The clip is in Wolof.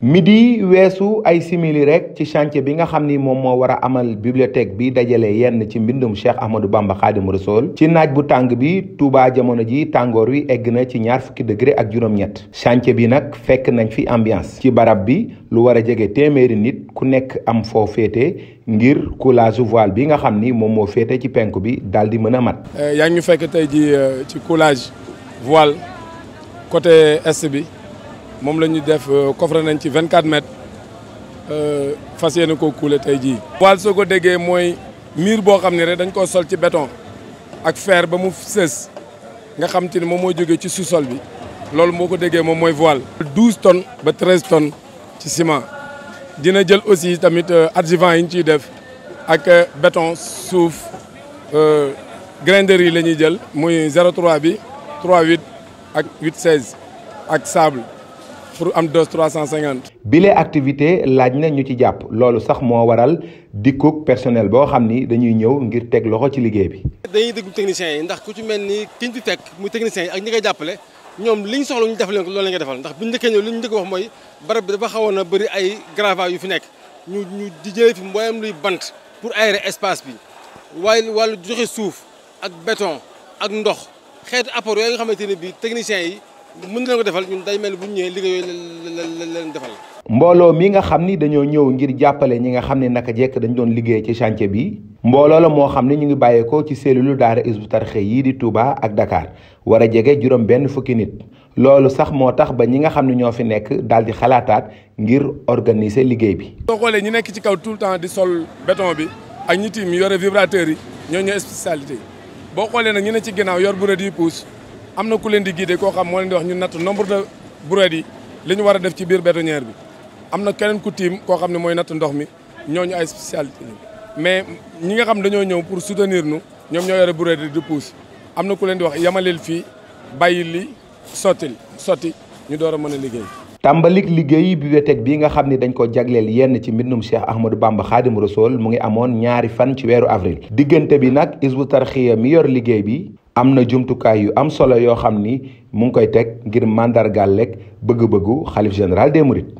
mi midi weesu ay simili rek ci chantier bi nga xam ni moom moo war a amal bibliothèque bi dajale yenn ci mbindum Cheikh Ahmadou Bamba Xaadim Rasool ci naaj bu tàng bi Touba jamono ji tàngoor wi egg na ci ñaar fukki degré ak juróom-ñett chantier bi nag fekk nañ fi ambiance ci barab bi lu war a jege téeméeri nit ku nekk am foo féete ngir coulage voile bi nga xam ni moom moo féete ci penk bi daal di mën a mat. Eh, yaa ñu fekk tey ji eh, ci coulage voile côté est bi. moom la ñu def euh, coffre nañ ci vingt 24 mètres euh, fas yéene ko kuule tey jii. voile soo ko déggee mooy mur boo xam ne rek dañ koo sol ci béton ak fer ba mu sës nga xam te ni moom moo jógee ci sous-sol bi loolu moo ko déggee moom mooy voile. 12 tonnes ba 13 tonnes ci ciment dina jël aussi tamit euh, adjuvant yi ñu ciy def ak béton suuf grain de riz la ñuy jël muy 0,3 bi huit ak 8,16 ak sable. pour am dose 350. bile activité laaj na ñu ci jàpp loolu sax moo waral dikkug personnel boo xam ni dañuy ñëw ngir teg loxo ci liggéey bi. dañuy déglu techniciens yi ndax ku ci mel ni ki ñu ci teg muy techniciens yi ak ñi koy jàppale ñoom li ñu soxla ñu def leen la ñu defal ndax bu ñu njëkkee ñëw li ñu njëkk wax mooy barab bi dafa xawoon a bëri ay gravats yu fi nekk ñu ñu di jëlee fi mbooyam luy bant pour aérer espace bi waaye wàllu joxe suuf ak béton ak ndox xeetu apport yooyu nga xamante ne bi techniciens yi mën defal ñun day mel bu ñëwee liggéey la mbooloo mi nga xam ni dañoo ñëw ngir jàppale ñi nga xam ne naka jekk dañu doon liggéey ci chantier bi mbooloo moo xam ne ñu ngi bàyyeekoo ci cellule daara Hizbut Tarqiyyah yii di Touba ak Dakar war a jege juróom benn fukki nit loolu sax moo tax ba ñi nga xam ne ñoo fi nekk daal di xalaataat ngir organiser liggéey bi. soo xoolee ñi nekk ci kaw tout le temps di sol béton bi ak ñi tiim yore vibrateur yi ñoo ñoo spécialité boo xoolee na ñu ne ci ginnaaw yor bu rëdd yi am na ku leen di guidé koo xam moo leen di wax ñu natt nombre de brouettes yi li ñu war a def ci biir bétonnière bi am na keneen ku tiim koo xam ne mooy natt ndox mi ñooñu ay spécialité mais ñi nga xam dañoo ñëw pour soutenir nu ñoom ñoo yore brouettes yi di pousse am na ku leen di wax yamaleel fii bàyyi li sotti sotti ñu door a mën a liggéey. tàmbalik liggéey bibliothèque bii nga xam ni dañ ko jagleel yenn ci mbindum Cheikh Ahmadou Bamba Xaadim Rasool mu ngi amoon ñaari fan ci weeru avril diggante bi nag Hizbut Tarqiyyah mi yor liggéey bi. am na jumtukaay yu am solo yoo xam ni mu ngi koy teg ngir màndarga lekk bëgg-bëggu xalif général des mourides